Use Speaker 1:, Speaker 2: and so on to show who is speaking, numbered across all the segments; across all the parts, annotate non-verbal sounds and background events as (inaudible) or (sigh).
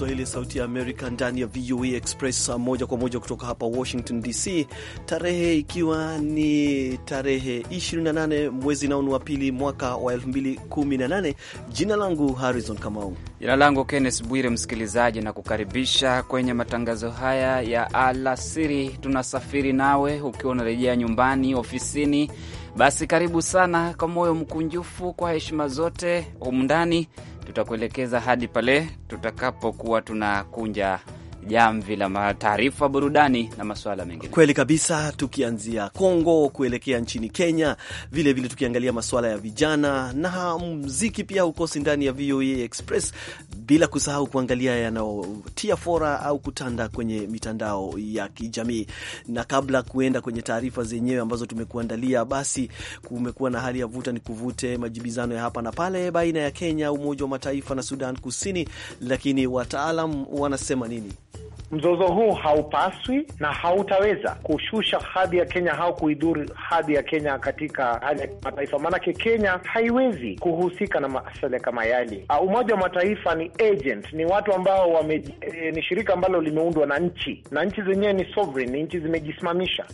Speaker 1: Kiswahili ya Sauti ya Amerika ndani ya VOA e Express, moja kwa moja kutoka hapa Washington DC, tarehe ikiwa ni tarehe 28 mwezi naunu wa pili mwaka wa 2018. Jina langu Harrison Kamau.
Speaker 2: Jina langu Kenneth Bwire, msikilizaji na kukaribisha kwenye matangazo haya ya alasiri. Tunasafiri nawe ukiwa unarejea nyumbani, ofisini basi karibu sana kwa moyo mkunjufu, kwa heshima zote, ndani tutakuelekeza hadi pale tutakapokuwa tunakunja jamvi la taarifa, burudani na masuala mengine.
Speaker 1: Kweli kabisa, tukianzia Kongo kuelekea nchini Kenya, vilevile vile tukiangalia masuala ya vijana na mziki pia hukosi ndani ya VOA Express, bila kusahau kuangalia yanayotia fora au kutanda kwenye mitandao ya kijamii. Na kabla kuenda kwenye taarifa zenyewe ambazo tumekuandalia, basi kumekuwa na hali ya vuta ni kuvute, majibizano ya hapa na pale baina ya Kenya, Umoja wa Mataifa na Sudan Kusini, lakini wataalam wanasema nini? Mzozo huu haupaswi na hautaweza kushusha
Speaker 3: hadhi ya Kenya au kuidhuru hadhi ya Kenya katika hali ya kimataifa, maanake Kenya haiwezi kuhusika na masuala kama yale. Ah, Umoja wa Mataifa ni agent, ni watu ambao wame, e, ni shirika ambalo limeundwa na nchi na nchi zenyewe ni sovereign, ni nchi zimejisimamisha.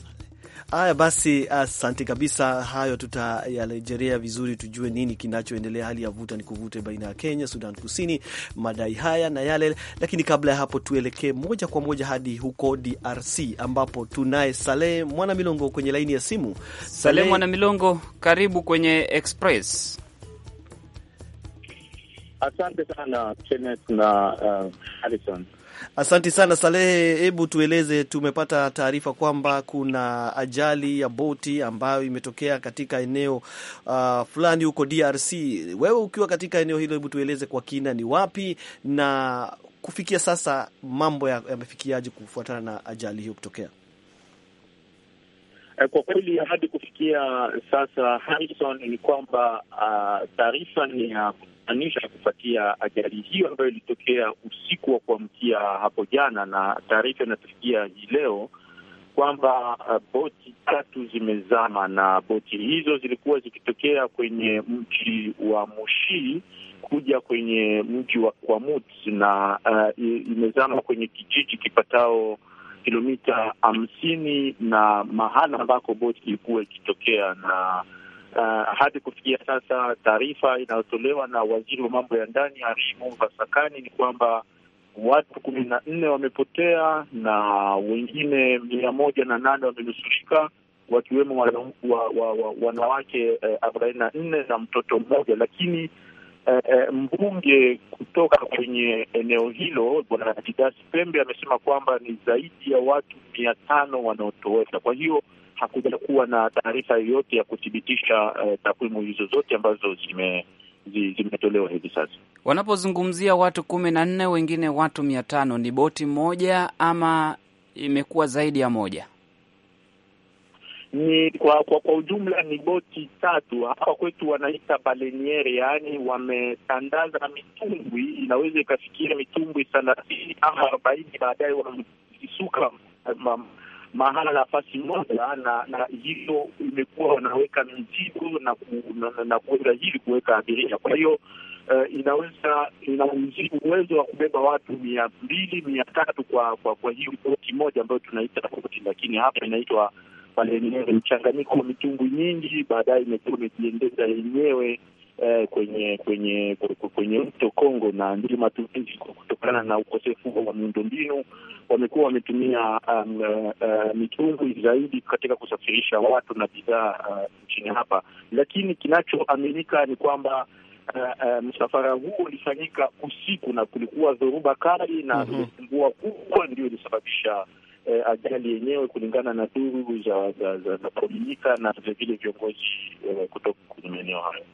Speaker 1: Haya basi, asante kabisa. Hayo tutayarejelea vizuri, tujue nini kinachoendelea, hali ya vuta ni kuvute baina ya Kenya, Sudan Kusini, madai haya na yale. Lakini kabla ya hapo, tuelekee moja kwa moja hadi huko DRC ambapo tunaye Saleh Mwana Milongo kwenye laini ya simu. Saleh Mwana
Speaker 2: Milongo, karibu kwenye Express.
Speaker 4: Asante sana Kenneth na uh, Alison.
Speaker 1: Asante sana Salehe, hebu tueleze, tumepata taarifa kwamba kuna ajali ya boti ambayo imetokea katika eneo uh, fulani huko DRC. Wewe ukiwa katika eneo hilo, hebu tueleze kwa kina, ni wapi na kufikia sasa mambo yamefikiaje ya kufuatana na ajali hiyo kutokea?
Speaker 4: Eh, kwa kweli hadi kufikia sasa, Harrison, ni kwamba uh, taarifa ni ya uh, anisha kufuatia ajali hiyo ambayo ilitokea usiku wa kuamkia hapo jana, na taarifa inatufikia hii leo kwamba uh, boti tatu zimezama, na boti hizo zilikuwa zikitokea kwenye mji wa Mushi kuja kwenye mji wa Kwamut na uh, imezama kwenye kijiji kipatao kilomita hamsini na mahala ambako boti ilikuwa ikitokea na Uh, hadi kufikia sasa taarifa inayotolewa na waziri wa mambo ya ndani arimu vasakani Sakani ni kwamba watu kumi na nne wamepotea na wengine mia moja na nane wamenusurika wakiwemo wa, wa, wa, wanawake eh, arobaini na nne na mtoto mmoja. Lakini eh, eh mbunge kutoka kwenye eneo hilo Bwana Didasi Pembe amesema kwamba ni zaidi ya watu mia tano wanaotoweka, kwa hiyo hakuja kuwa na taarifa yoyote ya kuthibitisha eh, takwimu hizo zote ambazo zime zimetolewa hivi sasa.
Speaker 2: Wanapozungumzia watu kumi na nne wengine watu mia tano ni boti moja ama imekuwa zaidi ya moja?
Speaker 4: Ni kwa kwa, kwa ujumla ni boti tatu. Hapa kwetu wanaita baleniere, yaani wametandaza mitumbwi, inaweza ikafikia mitumbwi thelathini ama arobaini, baadaye wamezisuka mahala nafasi moja, na na hiyo imekuwa wanaweka mizigo na na kuweza hili kuweka abiria. Kwa hiyo eh, inaweza ina uwezo wa kubeba watu mia mbili mia tatu kwa kwa kwa hii boti moja ambayo tunaita boti, lakini hapa inaitwa pale mchanganyiko wa mitungu nyingi, baadaye imekuwa imejiendeza yenyewe eh, kwenye kwenye kwenye mto Kongo na ndio matumizi kutokana na ukosefu wa miundombinu. Wamekuwa wametumia um, uh, mitungi zaidi katika kusafirisha watu na bidhaa uh, nchini uh, hapa, lakini kinachoaminika ni kwamba Uh, uh, msafara huo ulifanyika usiku na kulikuwa dhoruba kali na mhm. mvua mm -hmm. kubwa ndio ilisababisha uh, ajali yenyewe, kulingana na duru za za, za, za polilika na vilevile viongozi uh, kutoka kwenye maeneo hayo.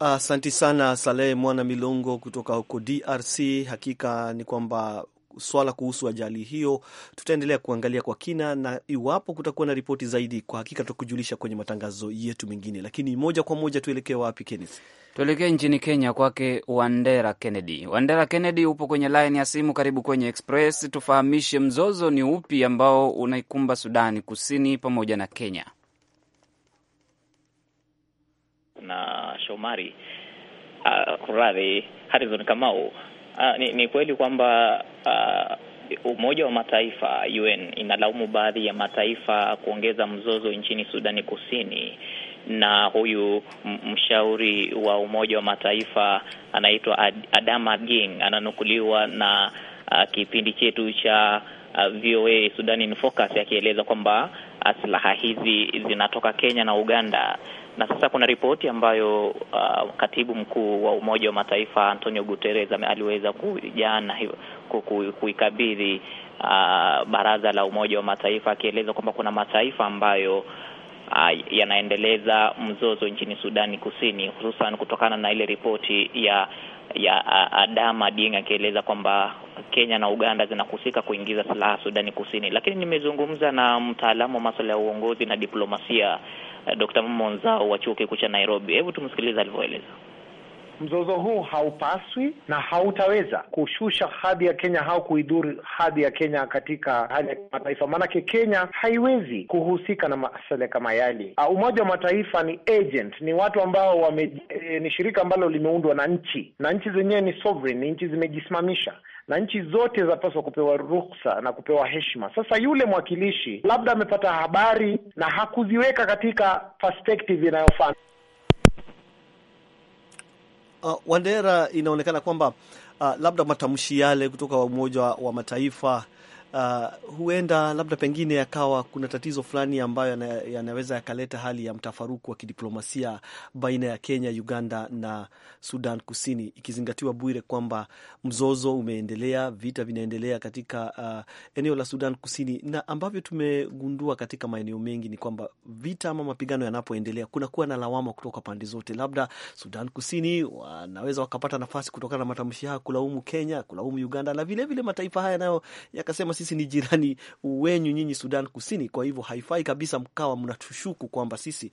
Speaker 1: Asanti uh, sana Salehe Mwana Milongo kutoka huko DRC. Hakika ni kwamba swala kuhusu ajali hiyo tutaendelea kuangalia kwa kina, na iwapo kutakuwa na ripoti zaidi, kwa hakika tutakujulisha kwenye matangazo yetu mengine. Lakini moja kwa moja tuelekee wapi, Kenneth?
Speaker 2: Tuelekee nchini Kenya, kwake Wandera Kennedy. Wandera Kennedy, upo kwenye laini ya simu, karibu kwenye Express. Tufahamishe, mzozo ni upi ambao unaikumba Sudani Kusini pamoja na Kenya?
Speaker 5: na Shomari uh, ah, kuradhi Harrison Kamau uh, ni, ni kweli kwamba uh, Umoja wa Mataifa UN inalaumu baadhi ya mataifa kuongeza mzozo nchini Sudani Kusini, na huyu mshauri wa Umoja wa Mataifa anaitwa Adama Ging ananukuliwa na uh, kipindi chetu cha uh, VOA Sudan in Focus akieleza kwamba silaha hizi zinatoka Kenya na Uganda na sasa kuna ripoti ambayo uh, katibu mkuu wa Umoja wa Mataifa Antonio Guterres aliweza kujana kuikabidhi uh, baraza la Umoja wa Mataifa akieleza kwamba kuna mataifa ambayo Uh, yanaendeleza mzozo nchini Sudani Kusini hususan kutokana na ile ripoti ya ya uh, Adama Dieng akieleza kwamba Kenya na Uganda zinahusika kuingiza silaha Sudani Kusini. Lakini nimezungumza na mtaalamu wa masuala ya uongozi na diplomasia Eh, Dr. Monzao wa chuo kikuu cha Nairobi. Hebu tumsikilize alivyoeleza.
Speaker 3: Mzozo huu haupaswi na hautaweza kushusha hadhi ya Kenya au kuidhuri hadhi ya Kenya katika hali ya kimataifa, maanake Kenya haiwezi kuhusika na masuala kama yale. Ah, Umoja wa Mataifa ni agent, ni watu ambao wame, e, ni shirika ambalo limeundwa na nchi na nchi zenyewe ni sovereign, ni nchi zimejisimamisha na nchi zote zinapaswa kupewa ruhusa na kupewa heshima. Sasa yule mwakilishi labda amepata habari na hakuziweka katika perspective inayofaa
Speaker 1: uh, Wandera, inaonekana kwamba uh, labda matamshi yale kutoka Umoja wa Mataifa uh, huenda labda pengine yakawa kuna tatizo fulani ambayo yanaweza yakaleta hali ya mtafaruku wa kidiplomasia baina ya Kenya, Uganda na Sudan Kusini, ikizingatiwa Bwire kwamba mzozo umeendelea, vita vinaendelea katika uh, eneo la Sudan Kusini, na ambavyo tumegundua katika maeneo mengi ni kwamba vita ama mapigano yanapoendelea kunakuwa na lawama kutoka pande zote. Labda Sudan Kusini wanaweza wakapata nafasi kutokana na matamshi haya kulaumu Kenya, kulaumu Uganda na vilevile mataifa haya nayo yakasema sisi ni jirani wenyu nyinyi Sudan Kusini, kwa hivyo haifai kabisa mkawa mnatushuku kwamba sisi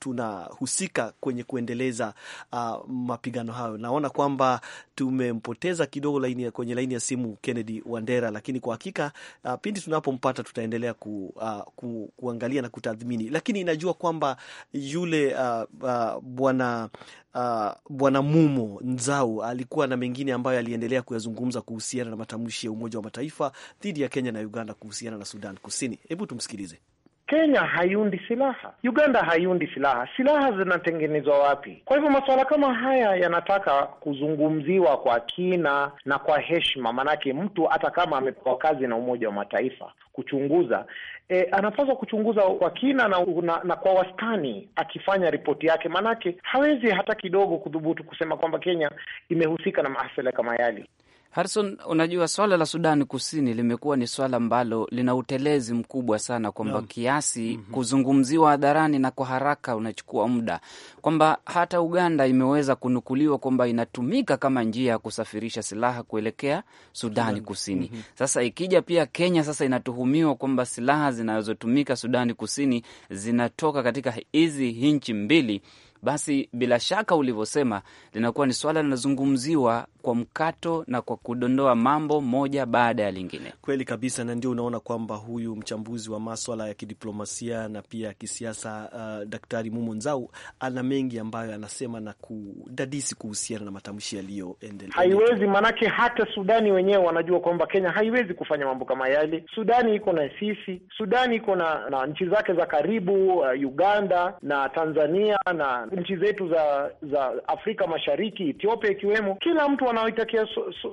Speaker 1: tunahusika tuna kwenye kuendeleza uh, mapigano hayo. Naona kwamba tumempoteza kidogo laini, kwenye laini ya simu Kennedy Wandera, lakini kwa hakika uh, pindi tunapompata tutaendelea ku, uh, ku, kuangalia na kutathmini, lakini inajua kwamba yule uh, uh, bwana Uh, Bwana Mumo Nzau alikuwa na mengine ambayo aliendelea kuyazungumza kuhusiana na matamshi ya Umoja wa Mataifa dhidi ya Kenya na Uganda kuhusiana na Sudan Kusini. Hebu tumsikilize. Kenya haiundi silaha, Uganda haiundi silaha. Silaha zinatengenezwa wapi? Kwa
Speaker 3: hivyo masuala kama haya yanataka kuzungumziwa kwa kina na kwa heshima, maanake mtu hata kama amepewa kazi na Umoja wa Mataifa kuchunguza e, anapaswa kuchunguza kwa kina na, na, na kwa wastani akifanya ripoti yake, maanake hawezi hata kidogo kudhubutu kusema kwamba Kenya imehusika na maasala kama yale.
Speaker 2: Harrison, unajua swala la Sudani Kusini limekuwa ni swala ambalo lina utelezi mkubwa sana, kwamba no. kiasi mm -hmm, kuzungumziwa hadharani na kwa haraka unachukua muda, kwamba hata Uganda imeweza kunukuliwa kwamba inatumika kama njia ya kusafirisha silaha kuelekea Sudani Kusini mm -hmm. Sasa ikija pia Kenya, sasa inatuhumiwa kwamba silaha zinazotumika Sudani Kusini zinatoka katika hizi nchi mbili basi bila shaka ulivyosema, linakuwa ni swala linazungumziwa kwa mkato na kwa kudondoa mambo
Speaker 1: moja baada ya lingine. Kweli kabisa, na ndio unaona kwamba huyu mchambuzi wa maswala ya kidiplomasia na pia ya kisiasa uh, Daktari Mumo Nzau ana mengi ambayo anasema na kudadisi kuhusiana na matamshi yaliyoendelea. Haiwezi
Speaker 3: maanake, hata Sudani wenyewe wanajua kwamba Kenya haiwezi kufanya mambo kama yale. Sudani iko na sisi, Sudani iko na, na nchi zake za karibu uh, Uganda na Tanzania na nchi zetu za za Afrika Mashariki, Ethiopia ikiwemo, kila mtu anaoitakia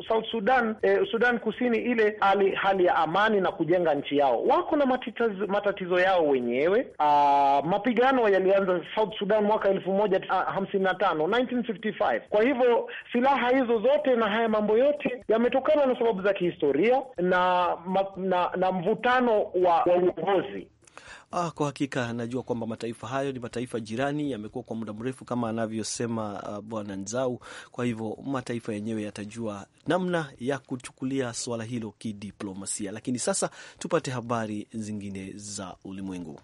Speaker 3: South Sudan eh, Sudan Kusini ile hali, hali ya amani na kujenga nchi yao. Wako na matitaz, matatizo yao wenyewe. Aa, ah, mapigano yalianza South Sudan mwaka elfu moja ah, hamsini na tano 1955. Kwa hivyo silaha hizo zote na haya mambo yote yametokana na sababu za kihistoria na, na, na mvutano wa uongozi
Speaker 1: Ah, kwa hakika najua kwamba mataifa hayo ni mataifa jirani, yamekuwa kwa muda mrefu kama anavyosema uh, bwana Nzau. Kwa hivyo mataifa yenyewe yatajua namna ya kuchukulia swala hilo kidiplomasia. Lakini sasa tupate habari zingine za ulimwengu.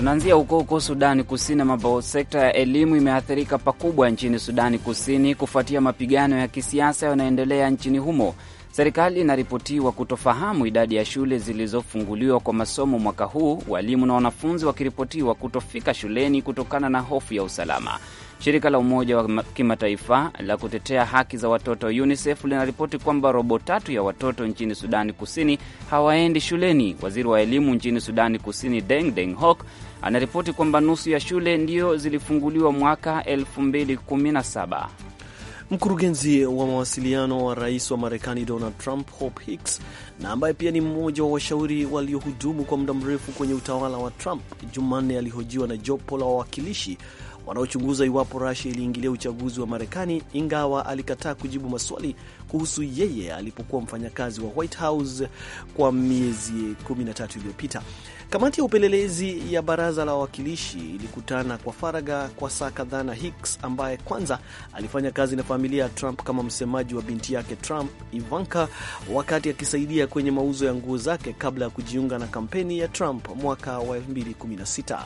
Speaker 2: Tunaanzia huko huko Sudani Kusini, ambapo sekta ya elimu imeathirika pakubwa nchini Sudani Kusini kufuatia mapigano ya kisiasa yanayoendelea nchini humo. Serikali inaripotiwa kutofahamu idadi ya shule zilizofunguliwa kwa masomo mwaka huu, walimu na wanafunzi wakiripotiwa kutofika shuleni kutokana na hofu ya usalama. Shirika la Umoja wa Kimataifa la kutetea haki za watoto UNICEF linaripoti kwamba robo tatu ya watoto nchini Sudani Kusini hawaendi shuleni. Waziri wa elimu nchini Sudani Kusini, Deng Deng Hok anaripoti kwamba nusu ya shule ndio zilifunguliwa mwaka 2017.
Speaker 1: Mkurugenzi wa mawasiliano wa rais wa Marekani Donald Trump, Hope Hicks, na ambaye pia ni mmoja wa washauri waliohudumu kwa muda mrefu kwenye utawala wa Trump, Jumanne alihojiwa na jopo la wawakilishi wanaochunguza iwapo rusia iliingilia uchaguzi wa Marekani, ingawa alikataa kujibu maswali kuhusu yeye alipokuwa mfanyakazi wa White House kwa miezi 13 iliyopita. Kamati ya upelelezi ya baraza la wawakilishi ilikutana kwa faraga kwa saa kadhaa na Hicks ambaye kwanza alifanya kazi na familia ya Trump kama msemaji wa binti yake Trump, Ivanka, wakati akisaidia kwenye mauzo ya nguo zake kabla ya kujiunga na kampeni ya Trump mwaka wa 2016.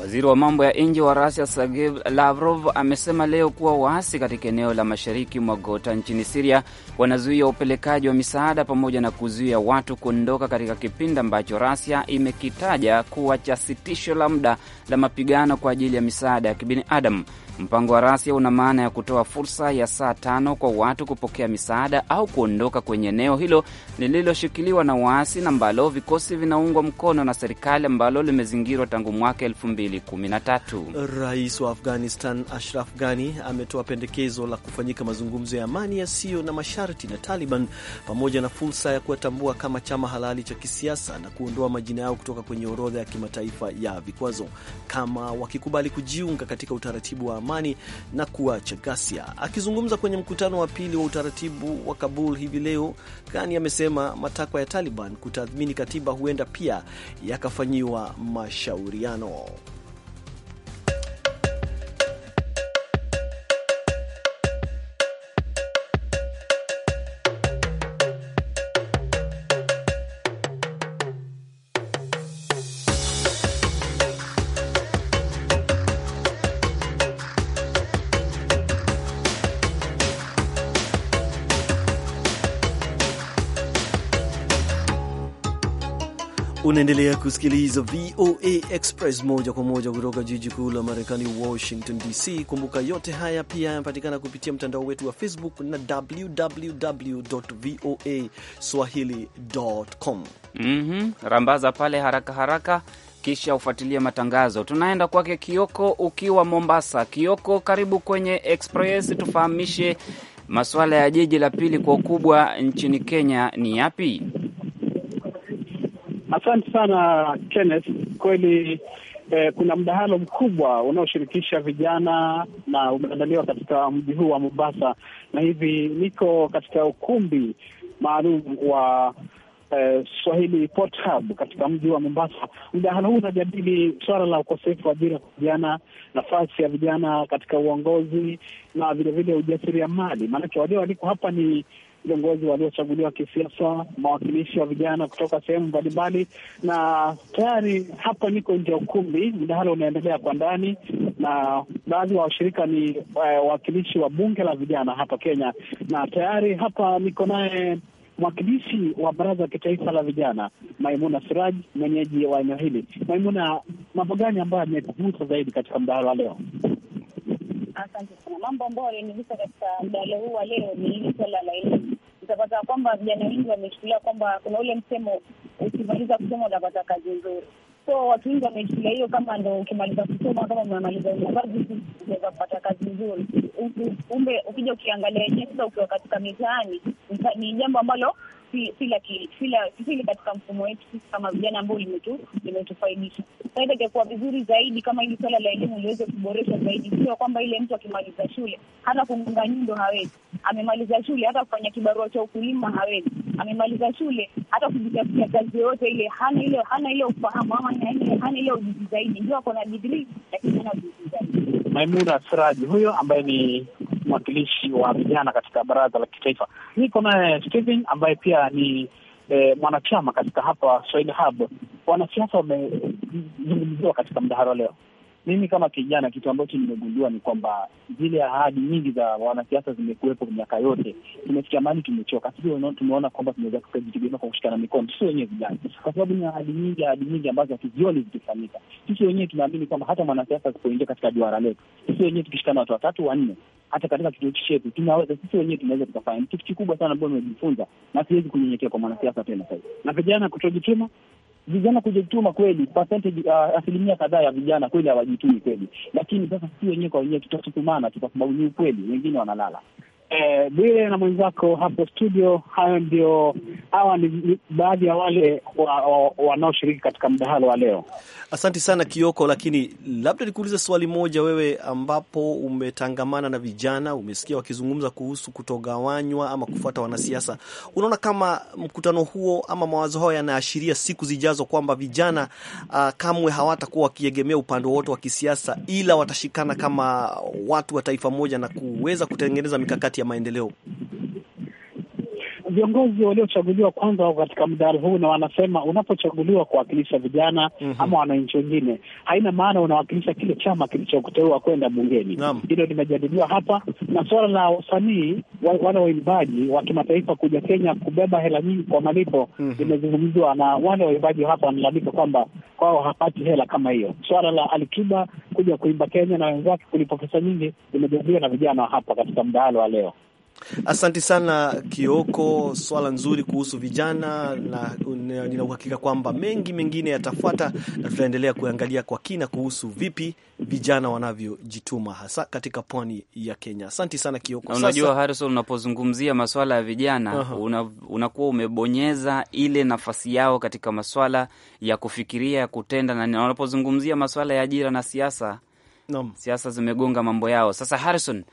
Speaker 2: Waziri wa mambo ya nje
Speaker 1: wa Rusia Sergei
Speaker 2: Lavrov amesema leo kuwa waasi katika eneo la mashariki mwa Gota nchini Siria wanazuia upelekaji wa misaada pamoja na kuzuia watu kuondoka katika kipindi ambacho Rusia imekita imetaja kuwa cha sitisho la muda la mapigano kwa ajili ya misaada ya kibinadamu. Mpango wa Rasia una maana ya kutoa fursa ya saa tano kwa watu kupokea misaada au kuondoka kwenye eneo hilo lililoshikiliwa na waasi na ambalo vikosi vinaungwa mkono na serikali ambalo limezingirwa tangu mwaka elfu mbili kumi na tatu.
Speaker 1: Rais wa Afghanistan Ashraf Ghani ametoa pendekezo la kufanyika mazungumzo ya amani yasiyo na masharti na Taliban pamoja na fursa ya kuwatambua kama chama halali cha kisiasa na kuondoa majina yao kutoka kwenye orodha ya kimataifa ya vikwazo kama wakikubali kujiunga katika utaratibu wa amani amani na kuacha ghasia. Akizungumza kwenye mkutano wa pili wa utaratibu wa Kabul hivi leo, Kani amesema matakwa ya Taliban kutathmini katiba huenda pia yakafanyiwa mashauriano. Unaendelea kusikiliza VOA Express moja kwa moja kutoka jiji kuu la Marekani, Washington DC. Kumbuka yote haya pia yanapatikana kupitia mtandao wetu wa Facebook na www voa swahili.com.
Speaker 2: Mm -hmm. Rambaza pale haraka haraka, kisha ufuatilie matangazo. Tunaenda kwake Kioko ukiwa Mombasa. Kioko, karibu kwenye Express, tufahamishe masuala ya jiji la pili kwa ukubwa nchini Kenya ni yapi?
Speaker 6: Asante sana Kenneth, kweli eh, kuna mdahalo mkubwa unaoshirikisha vijana na umeandaliwa katika mji huu wa Mombasa, na hivi niko katika ukumbi maalum wa eh, Swahili Hub katika mji wa Mombasa. Mdahalo huu unajadili suala la ukosefu wa ajira kwa vijana, nafasi ya vijana katika uongozi na vilevile ujasiriamali, maanake walio waliko hapa ni viongozi waliochaguliwa kisiasa, mawakilishi wa vijana kutoka sehemu mbalimbali, na tayari hapa niko nje ya ukumbi, mdahalo unaendelea kwa ndani, na baadhi wa washirika ni eh, wawakilishi wa bunge la vijana hapa Kenya, na tayari hapa niko naye mwakilishi wa baraza la kitaifa la vijana Maimuna Siraj, mwenyeji wa eneo hili. Maimuna, mambo gani ambayo amekugusa zaidi katika mdahalo wa leo? Asante mambo ambayo yalionigusa katika mdahalo huu wa leo ni hili swala la elimu. Utapata kwamba vijana wengi wamechukulia kwamba kuna ule msemo, ukimaliza kusoma utapata kazi nzuri. So watu wengi wamechukulia hiyo kama ndo ukimaliza kusoma, kama umemaliza university unaweza kupata kazi nzuri. Kumbe ukija ukiangalia yenyewe sasa, ukiwa katika mitaani, ni jambo ambalo si sila sili katika mfumo wetu sisi kama vijana ambao limetufaidisha. Saa hizi ingekuwa vizuri zaidi kama hili suala la elimu liweze kuboreshwa zaidi, sio kwamba ile mtu akimaliza shule hata kugonga nyundo hawezi, amemaliza shule hata kufanya kibarua cha ukulima hawezi, amemaliza shule hata kujitafutia kazi yoyote ile hana ile hana ile ufahamu ama hana ile ujuzi zaidi, ndio ako na digrii lakini hana ujuzi zaidi. Maimuna Siraji huyo ambaye ni mwakilishi wa vijana katika baraza la kitaifa. Niko naye Steven ambaye pia ni e, mwanachama katika hapa Swahili Hub. Wanasiasa wamezungumziwa katika mdahalo leo. Mimi kama kijana, kitu ambacho nimegundua ni kwamba zile ahadi nyingi za wanasiasa zimekuwepo miaka yote. Tumefikia mahali tumechoka, sisi tumeona kwamba tunaweza kujitegemea kwa kushikana mikono, sisi wenyewe vijana, kwa sababu ni ahadi nyingi, ahadi nyingi ambazo hatuzioni zikifanyika. Sisi wenyewe tunaamini kwamba hata mwanasiasa asipoingia katika duara letu, sisi wenyewe tukishikana watu watatu wanne, hata katika kituo chetu tunaweza sisi wenyewe tunaweza tukafanya. Ni kitu kikubwa sana ambao nimejifunza, na siwezi kunyenyekea kwa mwanasiasa tena sasa. Na vijana kutojituma, vijana kujituma kweli, percentage uh, asilimia kadhaa ya vijana kweli hawajitumi kweli, lakini sasa sisi wenyewe kwa wenyewe tutasukumana tu, kwa sababu ni ukweli, wengine wanalala eh, Bwile na mwenzako hapo studio. Hayo ndio, hawa ni baadhi ya wale wanaoshiriki wa, wa katika mdahalo wa leo.
Speaker 1: Asante sana Kioko, lakini labda nikuulize swali moja, wewe ambapo umetangamana na vijana, umesikia wakizungumza kuhusu kutogawanywa ama kufuata wanasiasa, unaona kama mkutano huo ama mawazo hayo yanaashiria siku zijazo kwamba vijana uh, kamwe hawatakuwa wakiegemea upande wowote wa kisiasa, ila watashikana kama watu wa taifa moja na kuweza kutengeneza mikakati maendeleo é
Speaker 6: viongozi waliochaguliwa kwanza wako katika mdahalo huu, na wanasema unapochaguliwa kuwakilisha vijana mm -hmm. ama wananchi wengine, haina maana unawakilisha kile chama kilichokuteua kwenda bungeni. Hilo limejadiliwa hapa, na suala la wasanii wale waimbaji wa kimataifa kuja Kenya kubeba hela nyingi kwa malipo mm -hmm. na wale waimbaji hapa wanalalika kwamba kwao hapati hela kama hiyo. Suala la Alikiba kuja kuimba Kenya na wenzake kulipa pesa nyingi limejadiliwa na vijana hapa katika mdahalo wa leo
Speaker 1: asanti sana Kioko, swala nzuri kuhusu vijana, na nina uhakika kwamba mengi mengine yatafuata, na tutaendelea kuangalia kwa kina kuhusu vipi vijana wanavyojituma hasa katika pwani ya Kenya. asanti sana Kioko. Unajua
Speaker 2: Harrison, unapozungumzia maswala ya vijana uh-huh. unakuwa umebonyeza ile nafasi yao katika maswala ya kufikiria, ya kutenda, na unapozungumzia maswala ya ajira na siasa, siasa zimegonga mambo yao. Sasa Harrison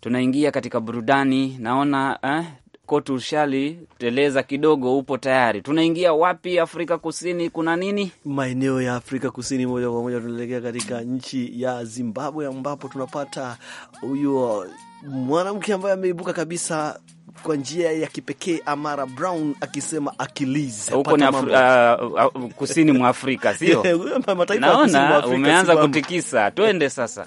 Speaker 2: tunaingia katika burudani. Naona eh, kotu ushali teleza kidogo, upo tayari. Tunaingia wapi? Afrika Kusini kuna
Speaker 1: nini? Maeneo ya Afrika Kusini moja kwa moja tunaelekea katika nchi ya Zimbabwe ambapo tunapata huyo mwanamke ambaye ameibuka kabisa kwa njia ya kipekee Amara Brown akisema Achilles huko ni Afri
Speaker 2: uh, kusini mwa Afrika sio? (laughs) Naona umeanza kutikisa, twende sasa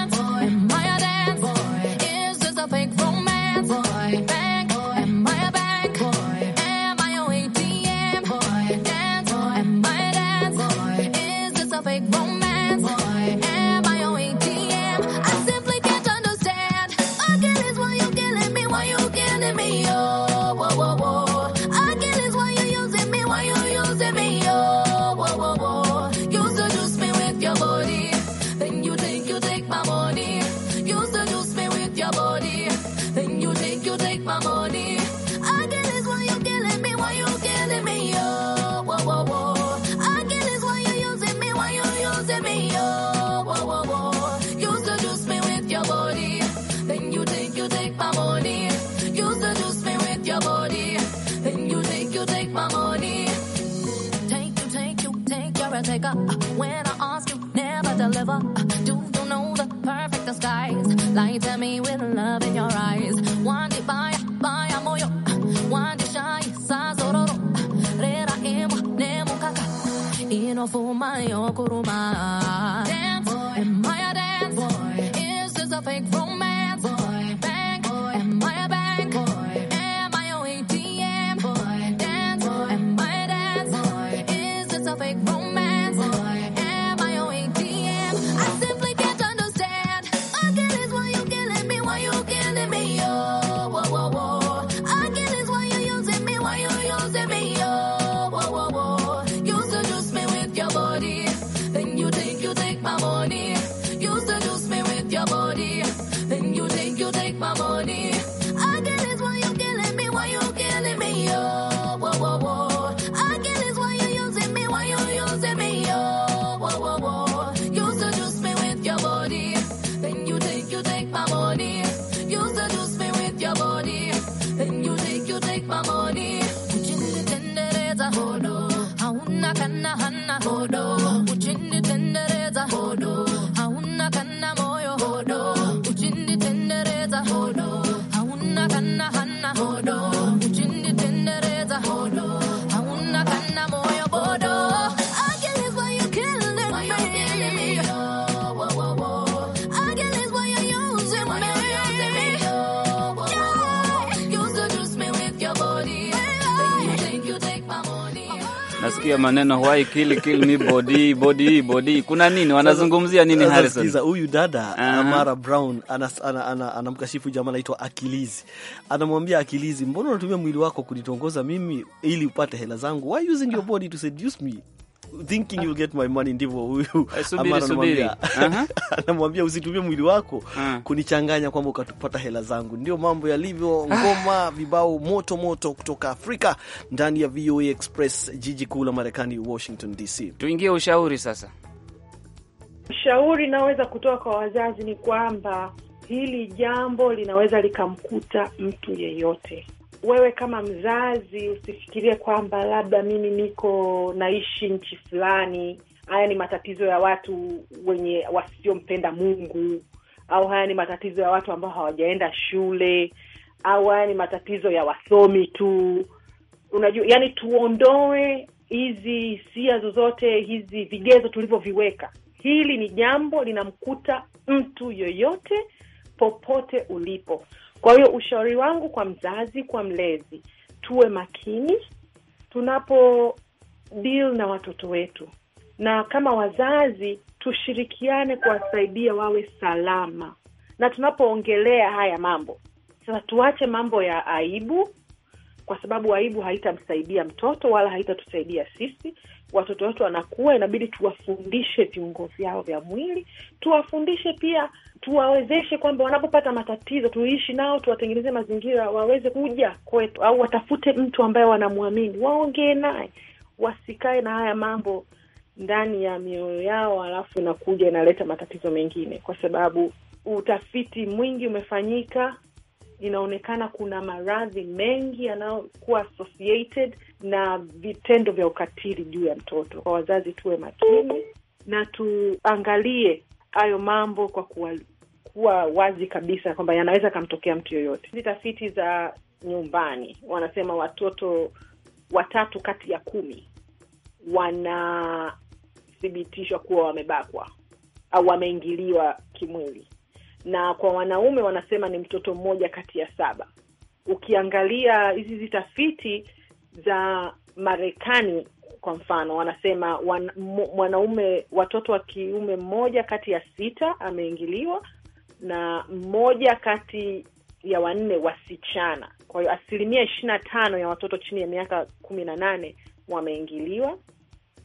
Speaker 7: a taker. when I ask you, never deliver. Uh, do you know the perfect disguise? Lie to me with love in your eyes. One day by, by a moyo. One day shy, sazororo. Rera imwa, nemo kaka. Ino fuma yo kuruma. Dance, boy. am I a dance? Boy. Is this a fake romance?
Speaker 2: nasikia maneno why kill kill me body body body, kuna nini? Wanazungumzia nini? Harrison, sikiza
Speaker 1: huyu dada uh -huh. Mara Brown anamkashifu ana, ana, ana, ana jamaa anaitwa Akilizi, anamwambia Akilizi, mbona unatumia mwili wako kunitongoza mimi ili upate hela zangu? Why using your body to seduce me? thinking you'll get my money, ndivyo huyu eh, (laughs) anamwambia usitumie mwili wako ah. kunichanganya kwamba ukatupata hela zangu. Ndio mambo yalivyo, ah. ngoma vibao moto moto kutoka Afrika ndani ya VOA Express, jiji kuu la Marekani, Washington DC. Tuingie ushauri sasa.
Speaker 8: Ushauri naweza kutoa kwa wazazi ni kwamba hili jambo linaweza likamkuta mtu yeyote wewe kama mzazi usifikirie kwamba labda mimi niko naishi nchi fulani, haya ni matatizo ya watu wenye wasiompenda Mungu, au haya ni matatizo ya watu ambao hawajaenda shule, au haya ni matatizo ya wasomi tu. Unajua, yani tuondoe hizi hisia zozote, hizi vigezo tulivyoviweka. Hili ni jambo linamkuta mtu yoyote popote ulipo. Kwa hiyo ushauri wangu kwa mzazi, kwa mlezi, tuwe makini tunapo deal na watoto wetu, na kama wazazi tushirikiane kuwasaidia wawe salama, na tunapoongelea haya mambo sasa, tuache mambo ya aibu, kwa sababu aibu haitamsaidia mtoto wala haitatusaidia sisi watoto wetu wanakuwa, inabidi tuwafundishe viungo vyao vya mwili, tuwafundishe pia, tuwawezeshe kwamba wanapopata matatizo tuishi nao, tuwatengeneze mazingira waweze kuja kwetu, au watafute mtu ambaye wanamwamini, waongee naye, wasikae na haya mambo ndani ya mioyo yao, alafu inakuja inaleta matatizo mengine, kwa sababu utafiti mwingi umefanyika inaonekana kuna maradhi mengi yanayokuwa associated na vitendo vya ukatili juu ya mtoto. Kwa wazazi, tuwe makini na tuangalie hayo mambo kwa kuwa, kuwa wazi kabisa kwamba yanaweza akamtokea mtu yoyote. Hizi tafiti za nyumbani wanasema watoto watatu kati ya kumi wanathibitishwa kuwa wamebakwa au wameingiliwa kimwili na kwa wanaume wanasema ni mtoto mmoja kati ya saba. Ukiangalia hizi tafiti za Marekani kwa mfano, wanasema wan, mwanaume watoto wa kiume mmoja kati ya sita ameingiliwa na mmoja kati ya wanne wasichana. Kwa hiyo asilimia ishirini na tano ya watoto chini ya miaka kumi na nane wameingiliwa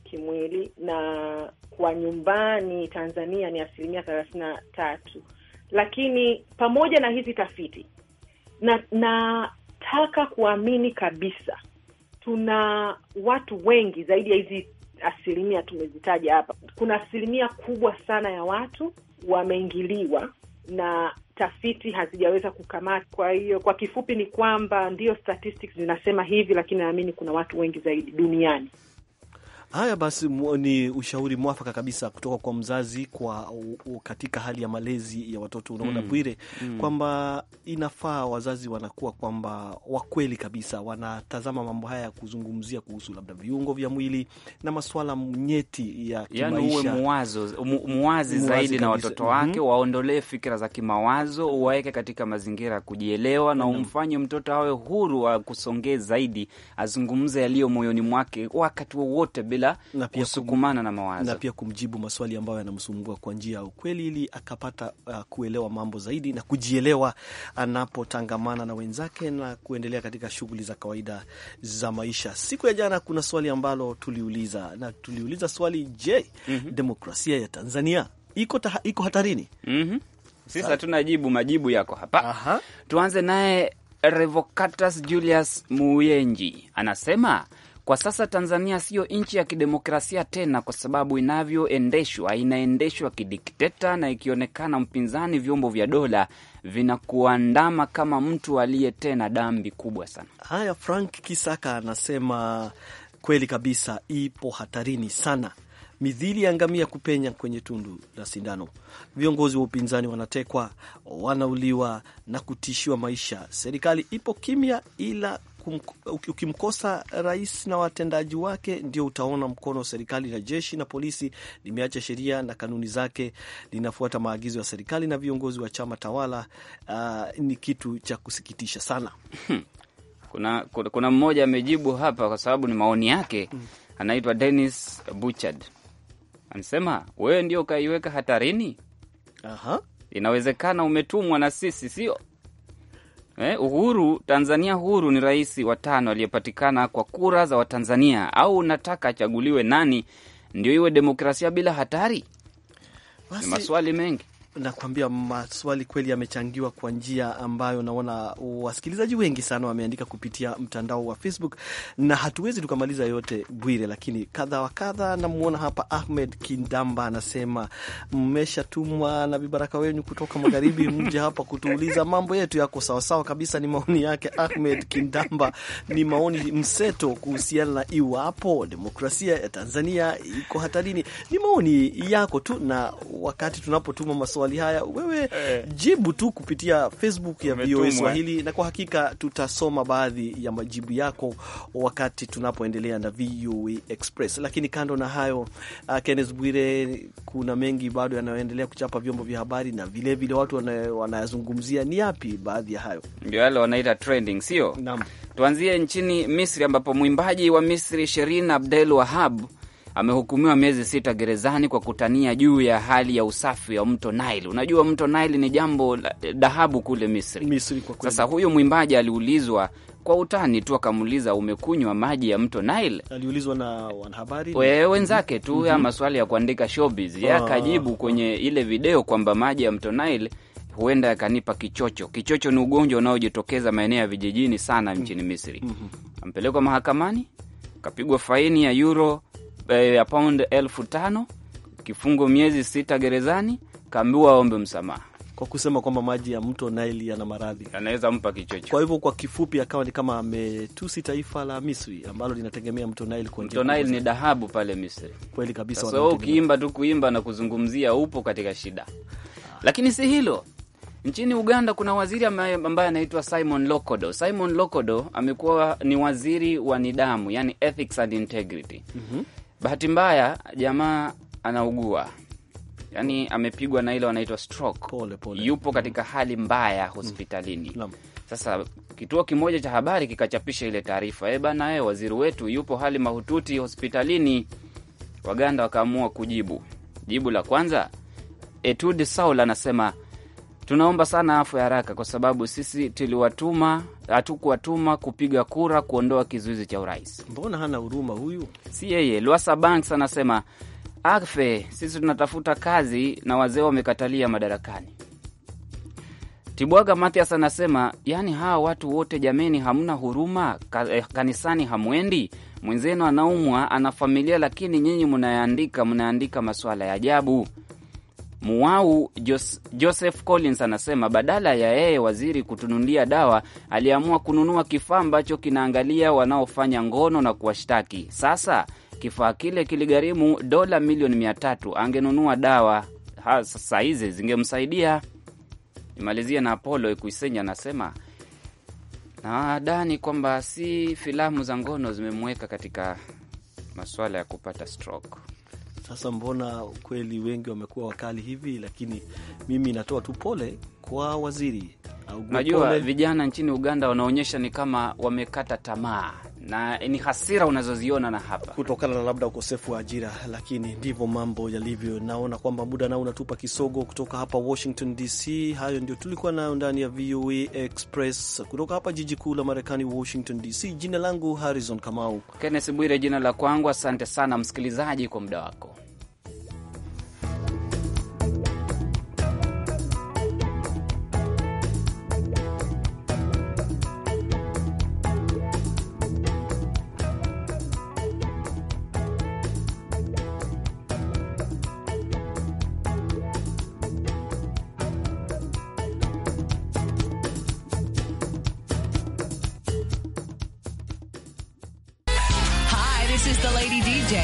Speaker 8: kimwili, na kwa nyumbani Tanzania ni asilimia thelathini na tatu. Lakini pamoja na hizi tafiti, na nataka kuamini kabisa tuna watu wengi zaidi ya hizi asilimia tumezitaja hapa. Kuna asilimia kubwa sana ya watu wameingiliwa na tafiti hazijaweza kukamata. Kwa hiyo kwa kifupi ni kwamba ndiyo statistics zinasema hivi, lakini naamini kuna watu wengi zaidi duniani
Speaker 1: Haya basi, ni ushauri mwafaka kabisa kutoka kwa mzazi kwa katika hali ya malezi ya watoto. Unaona mm, Bwire mm, kwamba inafaa wazazi wanakuwa kwamba wakweli kabisa, wanatazama mambo haya ya kuzungumzia kuhusu labda viungo vya mwili na maswala nyeti ya yaani kimaisha, yani uwe
Speaker 2: muwazo, mu, muwazi zaidi na watoto mhm. wake mm -hmm. Waondolee fikira za kimawazo, uwaweke katika mazingira ya kujielewa na mm. umfanye mtoto awe huru wa kusongee zaidi, azungumze yaliyo moyoni mwake wakati wowote bila na kusukumana na mawazo,
Speaker 1: na pia kumjibu maswali ambayo yanamsumbua kwa njia ya ukweli, ili akapata uh, kuelewa mambo zaidi na kujielewa anapotangamana na wenzake na kuendelea katika shughuli za kawaida za maisha. Siku ya jana kuna swali ambalo tuliuliza na tuliuliza swali, je, mm -hmm. demokrasia ya Tanzania iko, ta, iko hatarini? mm -hmm. Sisi hatuna jibu, majibu yako hapa. Aha. Tuanze naye
Speaker 2: Revocatus Julius Muyenji anasema kwa sasa Tanzania siyo nchi ya kidemokrasia tena, kwa sababu inavyoendeshwa inaendeshwa kidikteta, na ikionekana mpinzani, vyombo vya dola vinakuandama kama mtu aliye tena
Speaker 1: dambi kubwa sana. Haya, Frank Kisaka anasema kweli kabisa, ipo hatarini sana midhili ya ngamia kupenya kwenye tundu la sindano. Viongozi wa upinzani wanatekwa, wanauliwa na kutishiwa maisha. Serikali ipo kimya, ila ukimkosa rais na watendaji wake, ndio utaona mkono wa serikali na jeshi na polisi limeacha sheria na kanuni zake, linafuata maagizo ya serikali na viongozi wa chama tawala. Uh, ni kitu cha kusikitisha sana.
Speaker 2: Hmm. Kuna, kuna mmoja amejibu hapa kwa sababu ni maoni yake, hmm. anaitwa Dennis Buchard anasema, wewe ndio ukaiweka hatarini. Aha. Inawezekana umetumwa na sisi, sio Eh, uhuru Tanzania huru ni rais wa tano aliyepatikana kwa kura za Watanzania, au unataka achaguliwe nani ndio iwe demokrasia bila hatari?
Speaker 1: Basi, ni maswali mengi nakuambia maswali kweli yamechangiwa kwa njia ambayo naona wasikilizaji wengi sana wameandika kupitia mtandao wa Facebook, na hatuwezi tukamaliza yote Bwire, lakini kadha wa kadha. Namwona hapa Ahmed Kindamba anasema mmeshatumwa na vibaraka wenyu kutoka magharibi, (laughs) mje hapa kutuuliza mambo yetu yako sawasawa kabisa. Ni maoni yake Ahmed Kindamba, ni maoni mseto kuhusiana na iwapo demokrasia ya Tanzania iko hatarini. Ni maoni yako tu na wakati tunapotuma maswali haya, wewe eh, jibu tu kupitia Facebook ya VOA Swahili, na kwa hakika tutasoma baadhi ya majibu yako wakati tunapoendelea na VOA Express. Lakini kando na hayo, uh, Kenneth Bwire, kuna mengi bado yanayoendelea kuchapa vyombo vya habari na vilevile vile watu wanayazungumzia. Ni yapi baadhi ya hayo?
Speaker 2: Ndio yale wanaita trending, sio? Naam, tuanzie nchini Misri ambapo mwimbaji wa Misri Sherin Abdel Wahab amehukumiwa miezi sita gerezani kwa kutania juu ya hali ya usafi wa mto Nile. Unajua mto Nile ni jambo dhahabu kule Misri, Misri. Sasa huyu mwimbaji aliulizwa kwa utani tu akamuuliza, umekunywa maji ya mto Nile?
Speaker 1: Aliulizwa na wanahabari we, wenzake
Speaker 2: tu mm -hmm. ya maswali ya kuandika showbiz, yeye ah. akajibu kwenye ile video kwamba maji ya mto Nile huenda yakanipa kichocho. Kichocho ni ugonjwa unaojitokeza maeneo ya vijijini sana nchini mhm. Misri. mm -hmm. Ampelekwa mahakamani, kapigwa faini ya euro eh, ya paundi elfu tano kifungo miezi sita gerezani, kaambiwa
Speaker 1: aombe msamaha kwa kusema kwamba maji ya mto Nile yana maradhi anaweza mpa kichocho. Kwa hivyo kwa kifupi, akawa ni kama ametusi taifa la Misri ambalo linategemea mto Nile. Kwa mto Nile ni dhahabu pale Misri, kweli kabisa. Sasa wewe ukiimba
Speaker 2: tu kuimba na kuzungumzia, upo katika shida. ah. Lakini si hilo, nchini Uganda kuna waziri ambaye anaitwa Simon Lokodo. Simon Lokodo amekuwa ni waziri wa nidhamu, yani ethics and integrity. mm -hmm Bahati mbaya jamaa anaugua, yaani amepigwa na ile wanaitwa stroke. Pole, pole. Yupo katika hali mbaya hospitalini mm. Sasa kituo kimoja cha habari kikachapisha ile taarifa, e bana, e waziri wetu yupo hali mahututi hospitalini. Waganda wakaamua kujibu. Jibu la kwanza Etude Saul anasema Tunaomba sana afu ya haraka, kwa sababu sisi tuliwatuma, hatukuwatuma kupiga kura kuondoa kizuizi cha urais.
Speaker 1: Mbona hana huruma huyu?
Speaker 2: Si yeye. Lwasa Banks anasema afe, sisi tunatafuta kazi na wazee wamekatalia madarakani. Tibwaga Mathias anasema yaani, hawa watu wote jameni, hamna huruma ka, eh, kanisani hamwendi. Mwenzenu anaumwa ana familia, lakini nyinyi mnayaandika, mnaandika masuala ya ajabu. Mwau Joseph Collins anasema badala ya yeye waziri kutunulia dawa, aliamua kununua kifaa ambacho kinaangalia wanaofanya ngono na kuwashtaki. Sasa kifaa kile kiligharimu dola milioni mia tatu. Angenunua dawa sasa hizi zingemsaidia. imalizia na Apollo Ekuisenya anasema nadhani kwamba si filamu za ngono zimemweka katika masuala ya kupata stroke.
Speaker 1: Sasa mbona kweli wengi wamekuwa wakali hivi, lakini mimi natoa tu pole kwa waziri. Najua
Speaker 2: vijana nchini Uganda wanaonyesha ni kama wamekata tamaa, na eh, ni hasira unazoziona na hapa
Speaker 1: kutokana na labda ukosefu wa ajira, lakini ndivyo mambo yalivyo. Naona kwamba muda nao unatupa kisogo. Kutoka hapa Washington DC, hayo ndio tulikuwa nayo ndani ya VOA Express kutoka hapa jiji kuu la Marekani, Washington DC. Jina langu Harrison Kamau, Kennes Bwire jina la kwangu. Asante
Speaker 2: sana msikilizaji kwa muda wako.